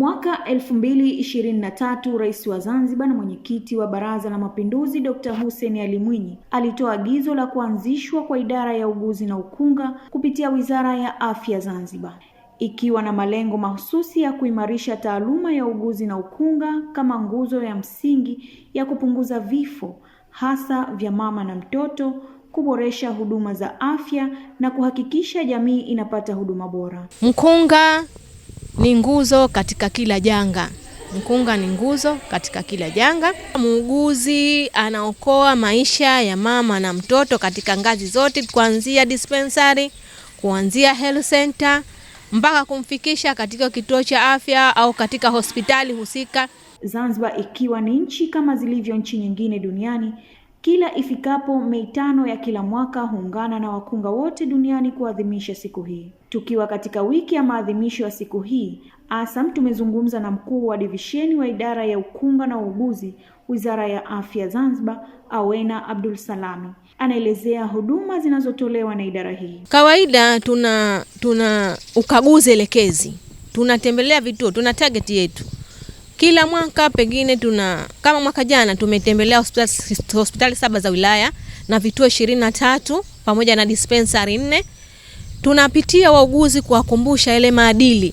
Mwaka elfu mbili ishirini Rais wa Zanzibar na mwenyekiti wa Baraza la Mapinduzi Dr. Hussein Ali Mwinyi alitoa agizo la kuanzishwa kwa idara ya uguzi na ukunga kupitia Wizara ya Afya Zanzibar ikiwa na malengo mahususi ya kuimarisha taaluma ya uguzi na ukunga kama nguzo ya msingi ya kupunguza vifo hasa vya mama na mtoto, kuboresha huduma za afya na kuhakikisha jamii inapata huduma bora. Mkunga ni nguzo katika kila janga. Mkunga ni nguzo katika kila janga. Muuguzi anaokoa maisha ya mama na mtoto katika ngazi zote, kuanzia dispensary, kuanzia health center mpaka kumfikisha katika kituo cha afya au katika hospitali husika. Zanzibar ikiwa ni nchi kama zilivyo nchi nyingine duniani, kila ifikapo Mei tano ya kila mwaka huungana na wakunga wote duniani kuadhimisha siku hii. Tukiwa katika wiki ya maadhimisho ya siku hii, ASAM tumezungumza na mkuu wa divisheni wa idara ya ukunga na uuguzi, Wizara ya Afya Zanzibar, Awena Abdul Salami. Anaelezea huduma zinazotolewa na idara hii. Kawaida tuna tuna ukaguzi elekezi, tunatembelea vituo, tuna target yetu kila mwaka pengine tuna kama mwaka jana tumetembelea hospitali, hospitali saba za wilaya na vituo ishirini na tatu pamoja na dispensari nne tunapitia wauguzi kuwakumbusha yale maadili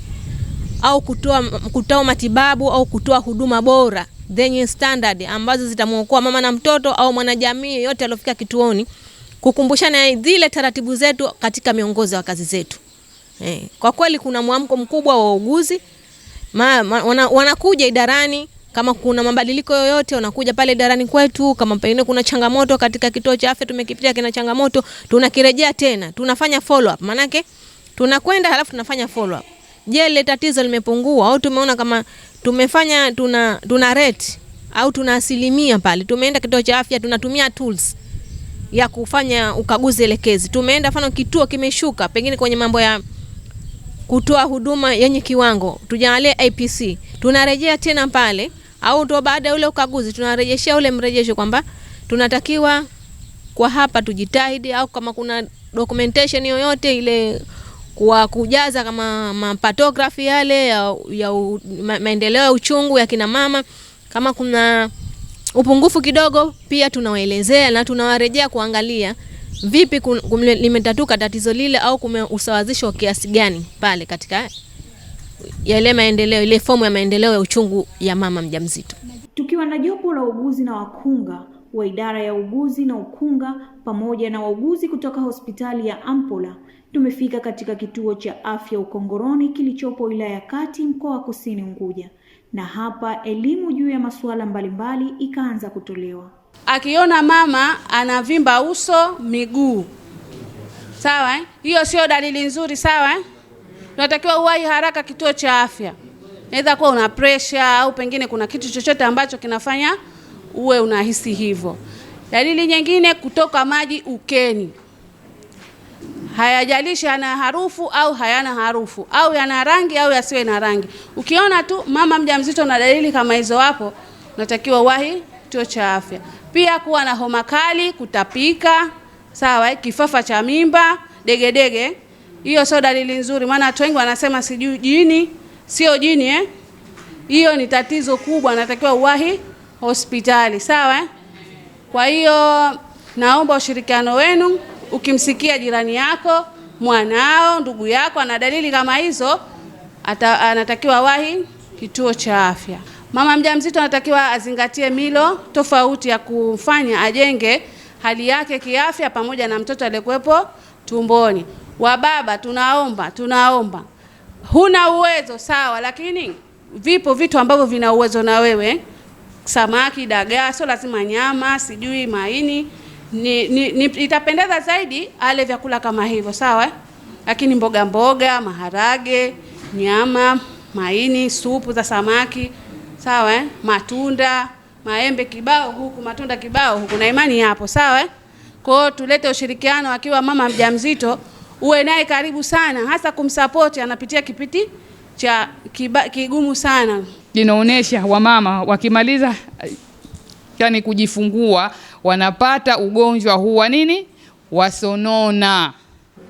au kutoa, kutoa matibabu au kutoa huduma bora zenye standard ambazo zitamwokoa mama na mtoto au mwanajamii yeyote aliofika kituoni, kukumbushana zile taratibu zetu katika miongozo ya kazi zetu. Eh, kwa kweli kuna mwamko mkubwa wa wauguzi wanakuja idarani kama kuna mabadiliko yoyote, unakuja pale darani kwetu. Kama pengine kuna changamoto katika kituo cha afya tumekipitia, kina changamoto, tunakirejea tena, tunafanya follow up. Manake tunakwenda halafu tunafanya follow up. Je, ile tatizo limepungua au tumeona kama tumefanya tuna, tuna rate au tuna asilimia pale. Tumeenda kituo cha afya, tunatumia tools ya kufanya ukaguzi elekezi. Tumeenda mfano kituo kimeshuka pengine kwenye mambo ya kutoa huduma yenye kiwango, tujalie IPC. Tunarejea tena pale au ndo baada ya ule ukaguzi tunarejeshea ule mrejesho kwamba tunatakiwa kwa hapa tujitahidi, au kama kuna documentation yoyote ile kwa kujaza kama mapatografi yale ya, ya maendeleo ya uchungu ya kina mama, kama kuna upungufu kidogo, pia tunawaelezea na tunawarejea kuangalia vipi limetatuka tatizo lile au kumeusawazishwa kiasi gani pale katika yale maendeleo, ile fomu ya maendeleo ya uchungu ya mama mjamzito. Tukiwa na jopo la uguzi na wakunga wa idara ya uguzi na ukunga pamoja na wauguzi kutoka hospitali ya Ampola tumefika katika kituo cha afya Ukongoroni kilichopo wilaya ya Kati mkoa wa Kusini Unguja, na hapa elimu juu ya masuala mbalimbali ikaanza kutolewa akiona mama anavimba uso, miguu, sawa eh? Hiyo sio dalili nzuri, sawa eh? Unatakiwa uwahi haraka kituo cha afya. Inaweza kuwa una pressure au pengine kuna kitu chochote ambacho kinafanya uwe unahisi hivyo. Dalili nyingine, kutoka maji ukeni, hayajalishi yana harufu au hayana harufu au yana rangi au yasiwe na rangi. Ukiona tu mama mjamzito na dalili kama hizo, wapo unatakiwa uwahi kituo cha afya. Pia kuwa na homa kali, kutapika, sawa, kifafa cha mimba, degedege, hiyo sio dalili nzuri, maana watu wengi wanasema sijui jini. Sio jini eh, hiyo ni tatizo kubwa, natakiwa uwahi hospitali, sawa. Eh? Kwa hiyo naomba ushirikiano wenu, ukimsikia jirani yako mwanao, ndugu yako ana dalili kama hizo, anatakiwa wahi kituo cha afya. Mama mjamzito anatakiwa azingatie milo tofauti ya kufanya ajenge hali yake kiafya pamoja na mtoto aliyekuwepo tumboni. Wababa tunaomba, tunaomba, huna uwezo sawa, lakini vipo vitu ambavyo vina uwezo na wewe, samaki, dagaa, sio lazima nyama, sijui maini ni, ni, ni, itapendeza zaidi ale vyakula kama hivyo sawa, lakini mboga mboga, maharage, nyama, maini, supu za samaki sawa eh? Matunda, maembe kibao huku, matunda kibao huku, na imani hapo, sawa eh? Kwa tulete ushirikiano, akiwa mama mjamzito uwe naye karibu sana, hasa kumsapoti, anapitia kipindi cha kiba, kigumu sana. inaonyesha wamama wakimaliza yani kujifungua wanapata ugonjwa huu wa nini, wasonona.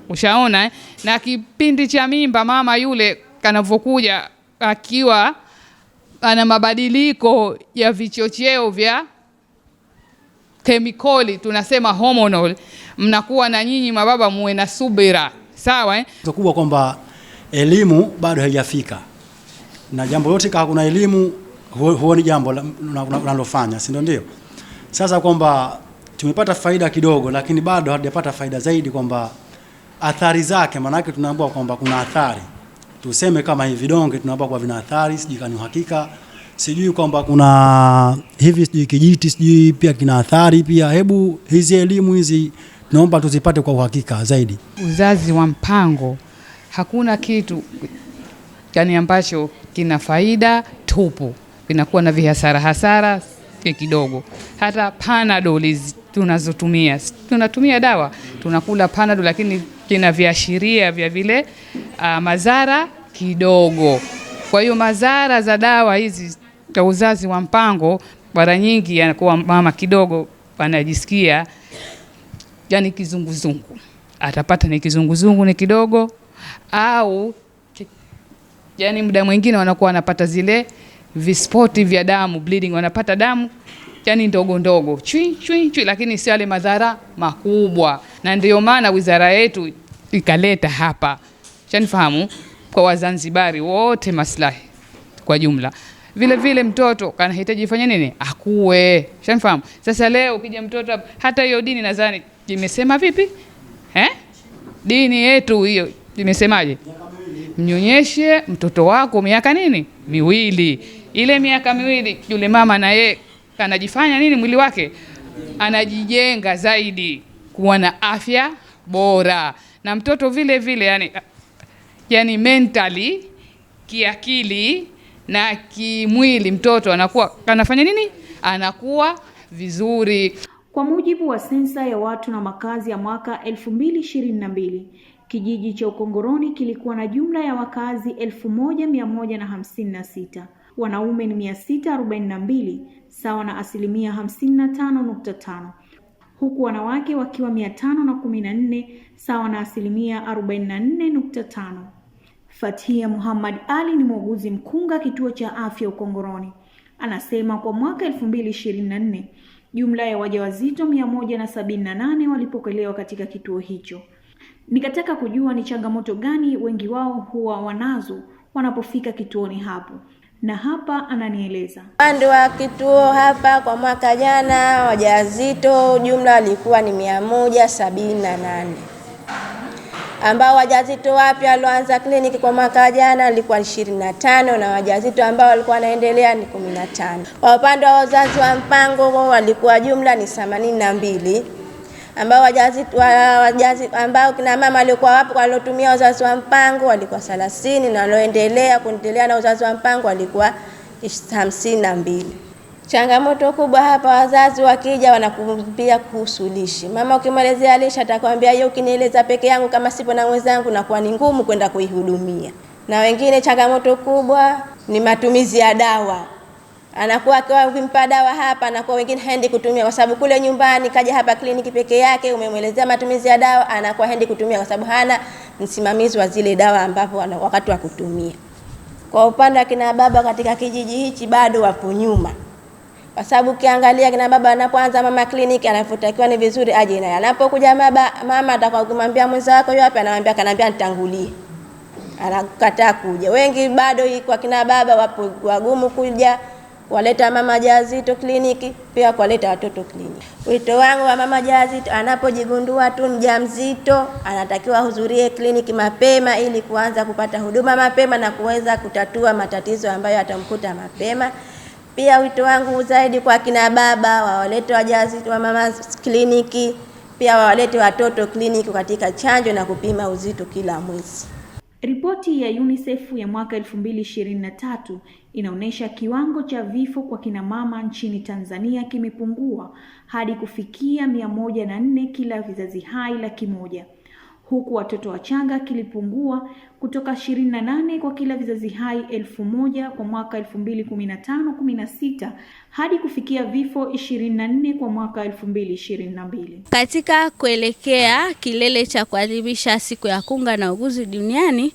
Ushaona eh? na kipindi cha mimba mama yule kanavyokuja akiwa ana mabadiliko ya vichocheo vya kemikali, tunasema hormonal. Mnakuwa na nyinyi mababa, muwe na subira, sawa eh? Kubwa kwamba elimu bado haijafika na jambo lote, kama kuna elimu huoni jambo unalofanya, si ndio? Ndio sasa kwamba tumepata faida kidogo, lakini bado hatujapata faida zaidi, kwamba athari zake, maanake tunaambiwa kwamba kuna athari tuseme kama hivi donge tunaomba kwa vina athari, sijui uhakika, sijui kwamba kuna hivi, sijui kijiti, sijui pia kina athari pia. Hebu hizi elimu hizi tunaomba tuzipate kwa uhakika zaidi. Uzazi wa mpango, hakuna kitu yani ambacho kina faida tupu, vinakuwa na vihasara hasara kidogo. Hata panadol tunazotumia, tunatumia dawa, tunakula panadol, lakini kina viashiria vya vile uh, ah, madhara kidogo. Kwa hiyo madhara za dawa hizi za uzazi wa mpango mara nyingi yanakuwa mama kidogo anajisikia yani kizunguzungu, atapata ni kizunguzungu ni kidogo, au yani muda mwingine wanakuwa wanapata zile vispoti vya damu bleeding, wanapata damu yani ndogo ndogo chui chui chui, lakini si yale madhara makubwa, na ndio maana wizara yetu ikaleta hapa chanifahamu, kwa Wazanzibari wote maslahi kwa jumla. Vile vile mtoto kanahitaji fanya nini? Akuwe. Shanifahamu. Sasa leo ukija mtoto hata hiyo dini nadhani imesema vipi? Eh? Dini yetu hiyo imesemaje? Mnyonyeshe mtoto wako miaka nini? Miwili. Ile miaka miwili yule mama na ye anajifanya nini mwili wake? Anajijenga zaidi kuwa na afya bora. Na mtoto vile vile yani yani mentally, kiakili na kimwili, mtoto anakuwa anafanya nini? Anakuwa vizuri. Kwa mujibu wa sensa ya watu na makazi ya mwaka 2022, kijiji cha Ukongoroni kilikuwa na jumla ya wakazi 1156. Wanaume ni 642 sawa na asilimia 55.5, huku wanawake wakiwa 514 sawa na asilimia 44.5. Fathia Muhammad Ali ni muuguzi mkunga kituo cha afya Ukongoroni. Anasema kwa mwaka 2024 jumla ya wajawazito 178 walipokelewa katika kituo hicho. Nikataka kujua ni changamoto gani wengi wao huwa wanazo wanapofika kituoni hapo, na hapa ananieleza. Upande wa kituo hapa kwa mwaka jana wajawazito jumla walikuwa ni 178 ambao wajazito wapya walioanza kliniki kwa mwaka jana ilikuwa 25 na wajazito ambao walikuwa wanaendelea ni 15. Kwa upande wa wazazi wa mpango walikuwa jumla ni 82 ambao wajazito wajazi, ambao kina mama waliokuwa wapo waliotumia uzazi wa mpango walikuwa 30 na walioendelea kuendelea na uzazi wa mpango walikuwa 52. Changamoto kubwa hapa, wazazi wakija wanakuambia kuhusu lishe. Mama ukimwelezea lishe atakwambia hiyo, ukinieleza peke yangu kama sipo na mwenzangu, nakuwa ni ngumu kwenda kuihudumia. Na wengine changamoto kubwa ni matumizi ya dawa, anakuwa akiwa vimpa dawa hapa, anakuwa wengine haendi kutumia kwa sababu kule nyumbani, kaja hapa kliniki peke yake, umemwelezea matumizi ya dawa, anakuwa haendi kutumia kwa sababu hana msimamizi wa zile dawa ambapo wakati wa kutumia. Kwa upande wa kina baba katika kijiji hichi bado wapo nyuma kwa sababu ukiangalia kina baba anapoanza mama kliniki, anafotakiwa ni vizuri aje naye. Anapokuja baba mama atakuwa kumwambia mwenza wako yapi, anamwambia kanambia nitangulie, anakataa kuja. Wengi bado kwa kina baba wapo wagumu kuja waleta mama jazito kliniki, pia kuwaleta watoto kliniki. Wito wangu wa mama jazito, anapojigundua tu mjamzito, anatakiwa ahudhurie kliniki mapema ili kuanza kupata huduma mapema na kuweza kutatua matatizo ambayo atamkuta mapema. Pia wito wangu zaidi kwa kina baba, wawalete wajawazito wa mama kliniki, pia wawalete watoto kliniki katika chanjo na kupima uzito kila mwezi. Ripoti ya UNICEF ya mwaka 2023 inaonyesha kiwango cha vifo kwa kina mama nchini Tanzania kimepungua hadi kufikia 104 kila vizazi hai laki moja huku watoto wachanga kilipungua kutoka 28 kwa kila vizazi hai 1000 kwa mwaka 2015-16 hadi kufikia vifo 24 kwa mwaka 2022. Katika kuelekea kilele cha kuadhimisha siku ya kunga na uguzi duniani,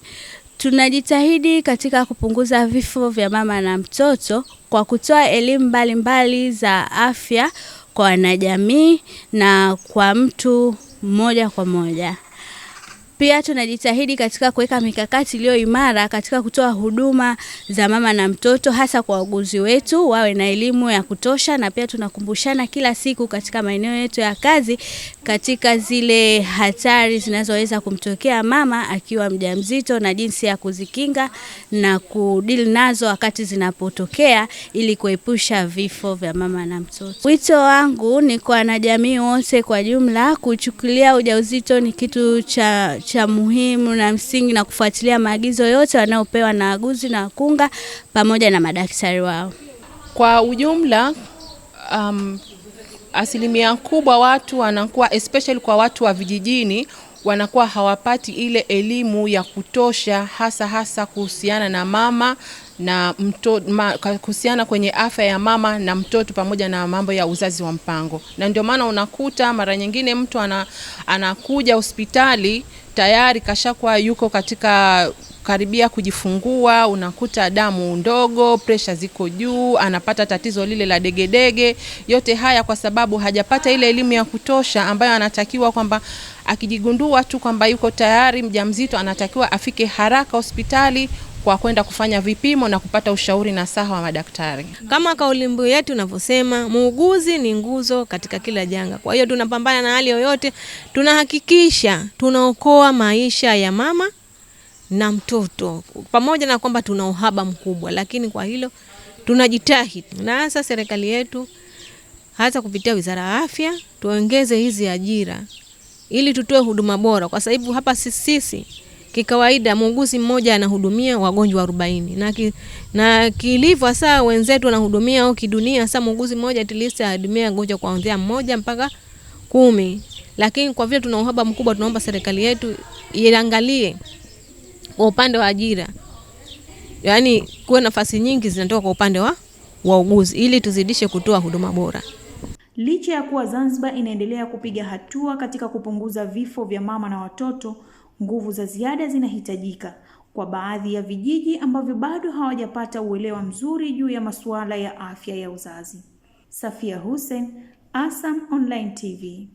tunajitahidi katika kupunguza vifo vya mama na mtoto kwa kutoa elimu mbalimbali za afya kwa wanajamii na kwa mtu moja kwa moja. Pia tunajitahidi katika kuweka mikakati iliyo imara katika kutoa huduma za mama na mtoto, hasa kwa wauguzi wetu wawe na elimu ya kutosha, na pia tunakumbushana kila siku katika maeneo yetu ya kazi katika zile hatari zinazoweza kumtokea mama akiwa mjamzito na jinsi ya kuzikinga na kudili nazo wakati zinapotokea ili kuepusha vifo vya mama na mtoto. Wito wangu ni kwa wanajamii wote kwa jumla kuchukulia ujauzito ni kitu cha cha muhimu na msingi na kufuatilia maagizo yote wanayopewa na waguzi na wakunga pamoja na madaktari wao kwa ujumla. Um, asilimia kubwa watu wanakuwa especially kwa watu wa vijijini wanakuwa hawapati ile elimu ya kutosha, hasa hasa kuhusiana na mama na mtoto kuhusiana kwenye afya ya mama na mtoto pamoja na mambo ya uzazi wa mpango, na ndio maana unakuta mara nyingine mtu ana, anakuja hospitali tayari kashakuwa yuko katika karibia kujifungua, unakuta damu ndogo, presha ziko juu, anapata tatizo lile la degedege. Yote haya kwa sababu hajapata ile elimu ya kutosha ambayo anatakiwa kwamba akijigundua tu kwamba yuko tayari mjamzito, anatakiwa afike haraka hospitali kwa kwenda kufanya vipimo na kupata ushauri na saha wa madaktari. Kama kauli mbiu yetu unavyosema, muuguzi ni nguzo katika kila janga. Kwa hiyo tunapambana na hali yoyote, tunahakikisha tunaokoa maisha ya mama na mtoto, pamoja na kwamba tuna uhaba mkubwa, lakini kwa hilo tunajitahidi, na hasa serikali yetu, hasa kupitia Wizara ya Afya, tuongeze hizi ajira ili tutoe huduma bora, kwa sababu hapa sisi Kikawaida muuguzi mmoja anahudumia wagonjwa 40 na ki, na kilivyo saa wenzetu wanahudumia au kidunia saa muuguzi mmoja at least ahudumia wagonjwa kuanzia mmoja mpaka kumi. Lakini kwa vile tuna uhaba mkubwa, tunaomba serikali yetu iangalie kwa upande wa ajira, yaani kuwe nafasi nyingi zinatoka kwa upande wa wauguzi ili tuzidishe kutoa huduma bora. Licha ya kuwa Zanzibar inaendelea kupiga hatua katika kupunguza vifo vya mama na watoto nguvu za ziada zinahitajika kwa baadhi ya vijiji ambavyo bado hawajapata uelewa mzuri juu ya masuala ya afya ya uzazi. Safia Hussein, ASAM Online TV.